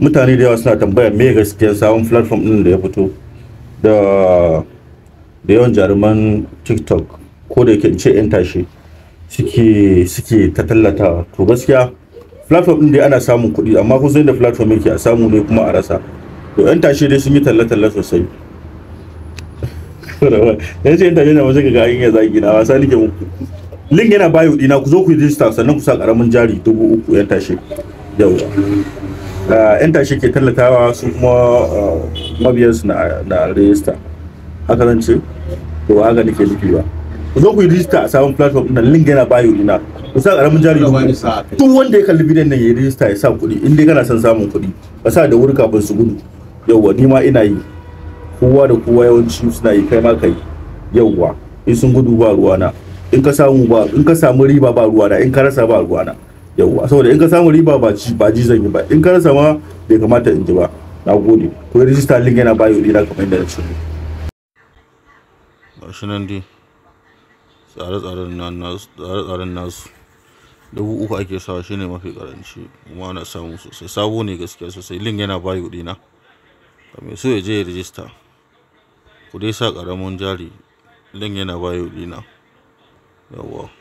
mutane da yawa suna tambaya me gaskiyar sabon platform din da ya fito da da yawan jaruman tiktok ko da yake ce yan tashi suke suke ta tallata to gaskiya platform din dai ana samun kuɗi amma kusan da platform yake a samu ne kuma a rasa to yan tashi dai sun yi talla-talla sosai ya ce yan tashi na wajen ga hanyar zaki na wasa nike muku link yana bayo dina ku zo ku yi register sannan ku sa karamin jari dubu uku yan tashi yau Eh, yan tashi ke tallatawa su kuma eh, mabiyansu na rejista. haka zan ce to haka nake nufi ba ku zo ku yi rijista a sabon platform ɗin link yana bayo ina ku sa ƙaramin jari duk wanda ya kalli bidiyon nan ya rejista ya sa kuɗi in dai kana son samun kuɗi ka sa da wuri kafin su gudu yauwa ni ma ina yi kowa da kowa yawanci suna yi kai ma kai yauwa in sun gudu ba ruwana in ka samu ba in ka samu riba ba ruwana in ka rasa ba ruwana yawwa saboda in ka samu riba ba ci ba ji zan yi ba in ka rasa ma bai kamata in ji ba na gode ko rijista link yana bayo da kamar yadda na ce ba shi nan dai tsare-tsaren nasu dubu uku ake shi ne mafi karanci kuma ana samu sosai sabo ne gaskiya sosai link yana bayo na kamar so ya je ya rijista ku dai sa karamin jari link yana bayo na yawwa